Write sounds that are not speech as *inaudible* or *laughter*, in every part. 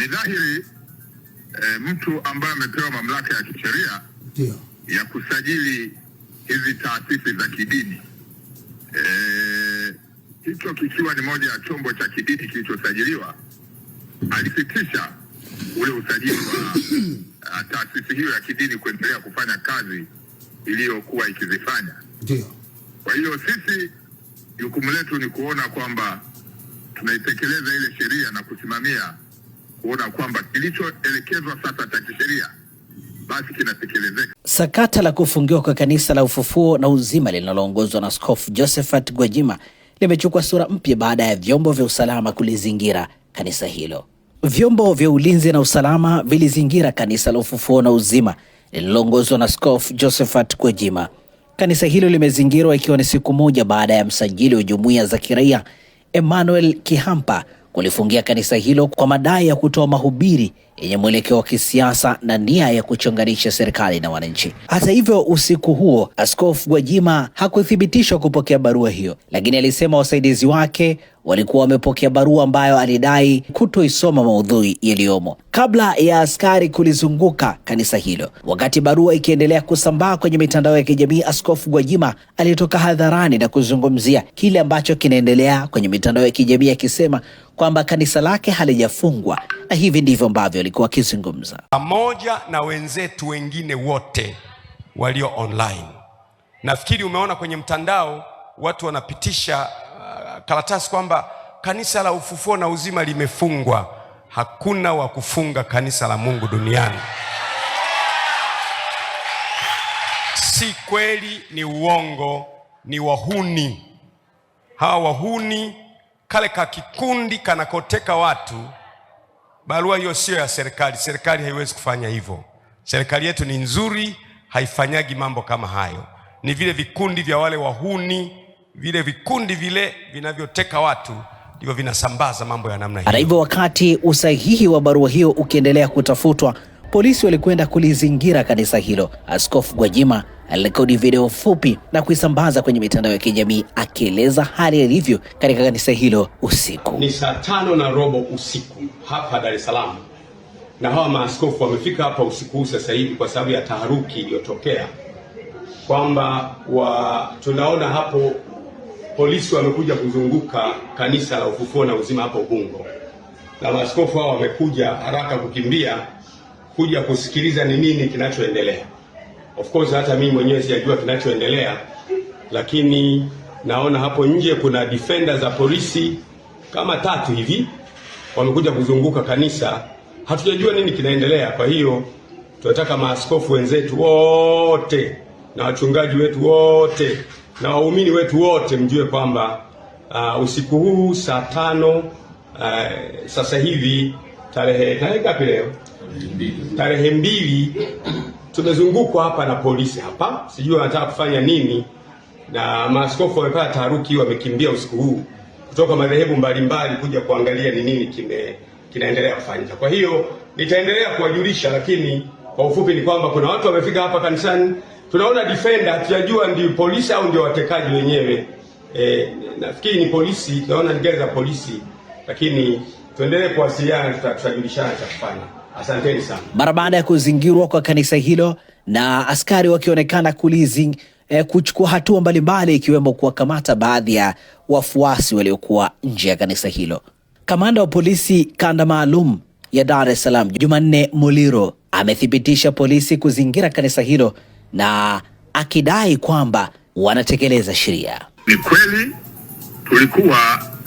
Ni dhahiri e, mtu ambaye amepewa mamlaka ya kisheria ya kusajili hizi taasisi za kidini eh, hicho e, kikiwa ni moja ya chombo cha kidini kilichosajiliwa, alisitisha ule usajili wa eh, taasisi hiyo ya kidini kuendelea kufanya kazi iliyokuwa ikizifanya. Kwa hiyo sisi jukumu letu ni kuona kwamba tunaitekeleza ile sheria na kusimamia kuona kwamba kilichoelekezwa sasa cha kisheria basi kinatekelezeka. Sakata la kufungiwa kwa kanisa la Ufufuo na Uzima linaloongozwa na Askofu Josephat Gwajima limechukua sura mpya baada ya vyombo vya usalama kulizingira kanisa hilo. Vyombo vya ulinzi na usalama vilizingira kanisa la Ufufuo na Uzima lililoongozwa na Askofu Josephat Gwajima. Kanisa hilo limezingirwa ikiwa ni siku moja baada ya msajili wa jumuiya za kiraia Emmanuel Kihampa kulifungia kanisa hilo kwa madai ya kutoa mahubiri yenye mwelekeo wa kisiasa na nia ya kuchonganisha serikali na wananchi. Hata hivyo, usiku huo Askofu Gwajima hakuthibitishwa kupokea barua hiyo, lakini alisema wasaidizi wake walikuwa wamepokea barua ambayo alidai kutoisoma maudhui yaliyomo kabla ya askari kulizunguka kanisa hilo. Wakati barua ikiendelea kusambaa kwenye mitandao ya kijamii, Askofu Gwajima alitoka hadharani na kuzungumzia kile ambacho kinaendelea kwenye mitandao ya kijamii akisema kwamba kanisa lake halijafungwa na hivi ndivyo ambavyo alikuwa akizungumza pamoja na wenzetu wengine wote walio online. Nafikiri umeona kwenye mtandao watu wanapitisha uh, karatasi kwamba kanisa la ufufuo na uzima limefungwa. Hakuna wa kufunga kanisa la Mungu duniani. Si kweli, ni uongo, ni wahuni. Hawa wahuni, kale ka kikundi kanakoteka watu Barua hiyo sio ya serikali. Serikali haiwezi kufanya hivyo. Serikali yetu ni nzuri, haifanyagi mambo kama hayo. Ni vile vikundi vya wale wahuni, vile vikundi vile vinavyoteka watu ndivyo vinasambaza mambo ya namna hiyo. Hata hivyo, wakati usahihi wa barua hiyo ukiendelea kutafutwa, polisi walikwenda kulizingira kanisa hilo. Askofu Gwajima alirekodi video fupi na kuisambaza kwenye mitandao ya kijamii akieleza hali ilivyo katika kanisa hilo usiku. Ni saa tano na robo usiku hapa Dar es Salaam, na hawa maaskofu wamefika hapa usiku huu sasa hivi kwa sababu ya taharuki iliyotokea kwamba wa tunaona hapo polisi wamekuja kuzunguka kanisa la Ufufuo na Uzima hapo Ubungo, na maaskofu hao wamekuja haraka kukimbia kuja kusikiliza ni nini kinachoendelea. Of course hata mimi mwenyewe sijajua kinachoendelea, lakini naona hapo nje kuna defender za polisi kama tatu hivi wamekuja kuzunguka kanisa. Hatujajua nini kinaendelea. Kwa hiyo tunataka maaskofu wenzetu wote na wachungaji wetu wote na waumini wetu wote mjue kwamba uh, usiku huu saa tano uh, sasa hivi tarehe tarehe ngapi leo? Tarehe mbili tumezungukwa hapa na polisi hapa, sijui wanataka kufanya nini, na maaskofu wamepata taharuki, wamekimbia usiku huu kutoka madhehebu mbalimbali kuja kuangalia ni nini kime kinaendelea kufanyika. Kwa hiyo nitaendelea kuwajulisha, lakini kwa ufupi ni kwamba kuna watu wamefika hapa kanisani, tunaona defender, hatujajua ndio polisi au ndio watekaji wenyewe. E, nafikiri ni polisi, tunaona ni gari za polisi, lakini tuendelee kuwasiliana, tutajulishana cha kufanya. Asanteni sana. Mara baada ya kuzingirwa kwa kanisa hilo na askari wakionekana kulizi eh, kuchukua hatua mbalimbali ikiwemo kuwakamata baadhi ya wafuasi waliokuwa nje ya kanisa hilo. Kamanda wa polisi kanda maalum ya Dar es Salaam Jumanne Muliro amethibitisha polisi kuzingira kanisa hilo na akidai kwamba wanatekeleza sheria. Ni kweli tulikuwa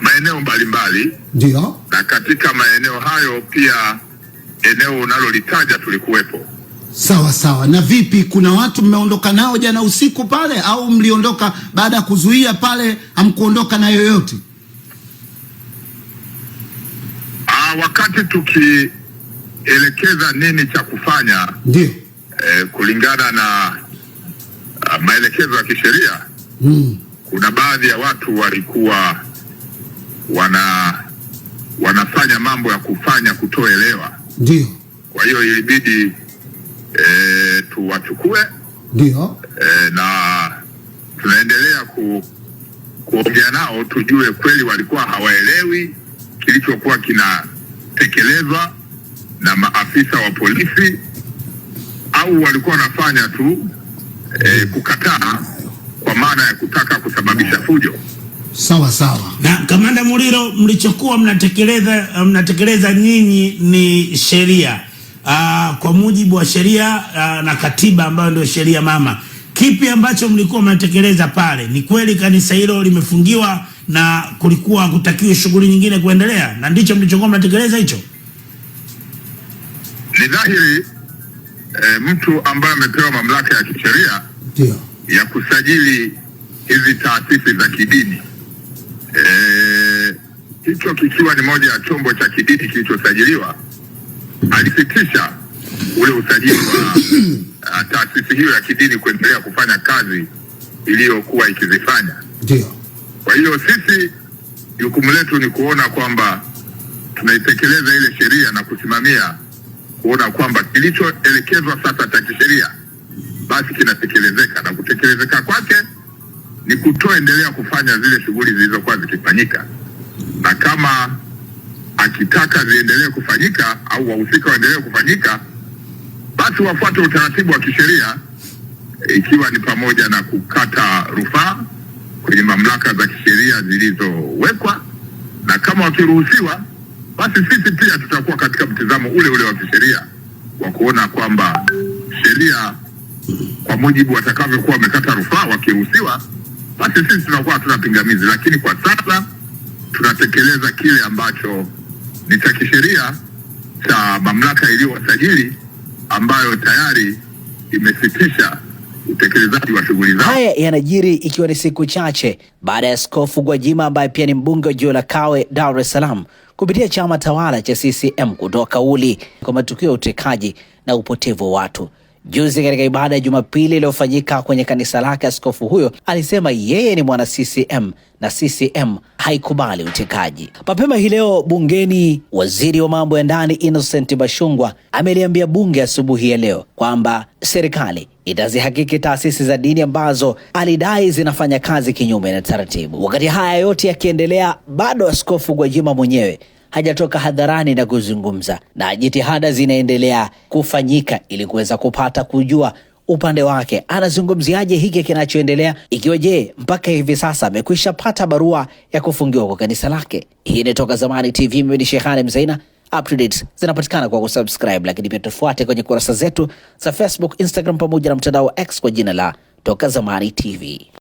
maeneo mbalimbali, ndio, na katika maeneo hayo pia eneo unalolitaja tulikuwepo. Sawa sawa. Na vipi, kuna watu mmeondoka nao jana usiku pale, au mliondoka baada ya kuzuia pale, hamkuondoka na yoyote? Aa, ah, wakati tukielekeza nini cha kufanya, ndio e, kulingana na a, ah, maelekezo ya kisheria mm. Kuna baadhi ya watu walikuwa wana wanafanya mambo ya kufanya kutoelewa ndio. Kwa hiyo ilibidi e, tuwachukue. Ndio. E, na tunaendelea ku, kuongea nao tujue kweli walikuwa hawaelewi kilichokuwa kinatekelezwa na maafisa wa polisi au walikuwa wanafanya tu e, kukataa kwa maana ya kutaka kusababisha fujo sawa sawa. Na kamanda Muliro, mlichokuwa mnatekeleza mnatekeleza nyinyi ni sheria aa, ah, kwa mujibu wa sheria ah, na katiba ambayo ndio sheria mama. Kipi ambacho mlikuwa mnatekeleza pale? Ni kweli kanisa hilo limefungiwa na kulikuwa kutakiwa shughuli nyingine kuendelea, na ndicho mlichokuwa mnatekeleza hicho? Ni dhahiri e, mtu ambaye amepewa mamlaka ya kisheria ya kusajili hizi taasisi za kidini hicho kikiwa ni moja ya chombo cha kidini kilichosajiliwa, alisitisha ule usajili wa *coughs* uh, taasisi hiyo ya kidini kuendelea kufanya kazi iliyokuwa ikizifanya. Ndio. Kwa hiyo sisi jukumu letu ni kuona kwamba tunaitekeleza ile sheria na kusimamia kuona kwamba kilichoelekezwa sasa cha kisheria basi kinatekelezeka, na kutekelezeka kwake ni kutoendelea kufanya zile shughuli zilizokuwa zikifanyika na kama akitaka viendelee kufanyika au wahusika waendelee kufanyika, basi wafuate utaratibu wa kisheria, ikiwa ni pamoja na kukata rufaa kwenye mamlaka za kisheria zilizowekwa, na kama wakiruhusiwa, basi sisi pia tutakuwa katika mtizamo ule ule wa kisheria wa kuona kwamba sheria kwa mujibu watakavyokuwa wamekata rufaa, wakiruhusiwa, basi sisi tunakuwa hatuna pingamizi, lakini kwa sasa tunatekeleza kile ambacho ni cha kisheria cha mamlaka iliyowasajili ambayo tayari imesitisha utekelezaji wa shughuli zao. Haya yanajiri ikiwa ni siku chache baada ya Askofu Gwajima ambaye pia ni mbunge wa jimbo la Kawe, Dar es Salaam, kupitia chama tawala cha CCM kutoa kauli kwa matukio ya utekaji na upotevu wa watu. Juzi katika ibada ya Jumapili iliyofanyika kwenye kanisa lake, askofu huyo alisema yeye ni mwana CCM na CCM haikubali utekaji. Mapema hii leo bungeni, waziri wa mambo ya ndani Innocent Bashungwa ameliambia bunge asubuhi ya leo kwamba serikali itazihakiki taasisi za dini ambazo alidai zinafanya kazi kinyume na taratibu. Wakati haya yote yakiendelea, bado Askofu Gwajima mwenyewe hajatoka hadharani na kuzungumza, na jitihada zinaendelea kufanyika ili kuweza kupata kujua upande wake anazungumziaje hiki kinachoendelea, ikiwa je mpaka hivi sasa amekwisha pata barua ya kufungiwa kwa kanisa lake? Hii ni Toka Zamani TV, mimi ni Shehani Mzaina. Updates zinapatikana kwa kusubscribe, lakini pia tufuate kwenye kurasa zetu za Facebook, Instagram pamoja na mtandao wa X kwa jina la Toka Zamani TV.